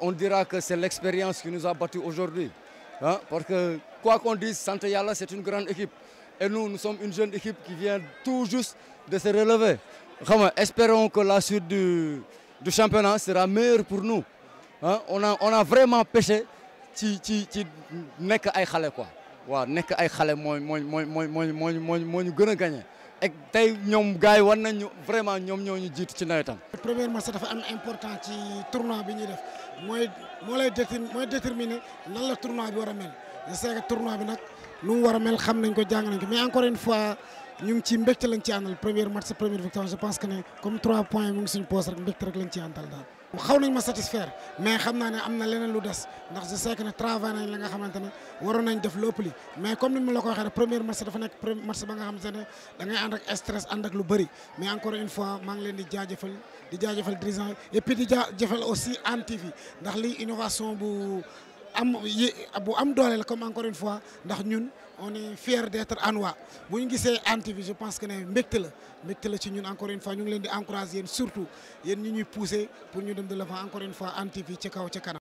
on dira que c'est l'expérience qui nous a battus aujourd'hui. Hein, parce que quoi qu'on dise, Santé Yala, c'est une grande équipe. Et nous, nous sommes une jeune équipe qui vient tout juste de se relever. espérons que la suite du, championnat sera meilleure pour nous. Hein. on, a, vraiment pêché ak tey ñoom gars yi war nañu vraiment ñoom ñoo ñu jiitu ci nawetam. premièrement ça dafa am important ci tournoi bi ñuy def mooy moo lay déter mooy déterminer bi war a mel je sais bi nag nu mu a mel xam nañ ko jàng mais encore une fois ñu ngi ci mbégte lañ ci àndal premier match première victoire je pense que ne comme trois points mu ngi suñu poos rek mbégte rek lañ ci àndal daal. xaw nañ ma satisfaire mais xam naa ne am na leneen lu des ndax je sais que ne travail nañ la nga xamante ne waroon nañ def lépp li mais comme ni ma la ko waxee rek premier match dafa nekk premier match ba nga xamante ne da ngay ànd ak lu bëri mais encore une fois maa ngi leen di jaajëfal di jaaj jaajëfal dirigeant et puis di jaajëfal aussi Hann TV ndax lii innovation bu am bu am doole la comme encore une fois ndax ñun on est fier d'être Anois bu ñu gisee anti je pense que né mbégte la mbégte la ci ñun encore une fois ñu ngi leen di encourager surtout yéen ñi ñuy pousser pour ñu dem de l'avant encore une fois antivi ci kaw ci kanam.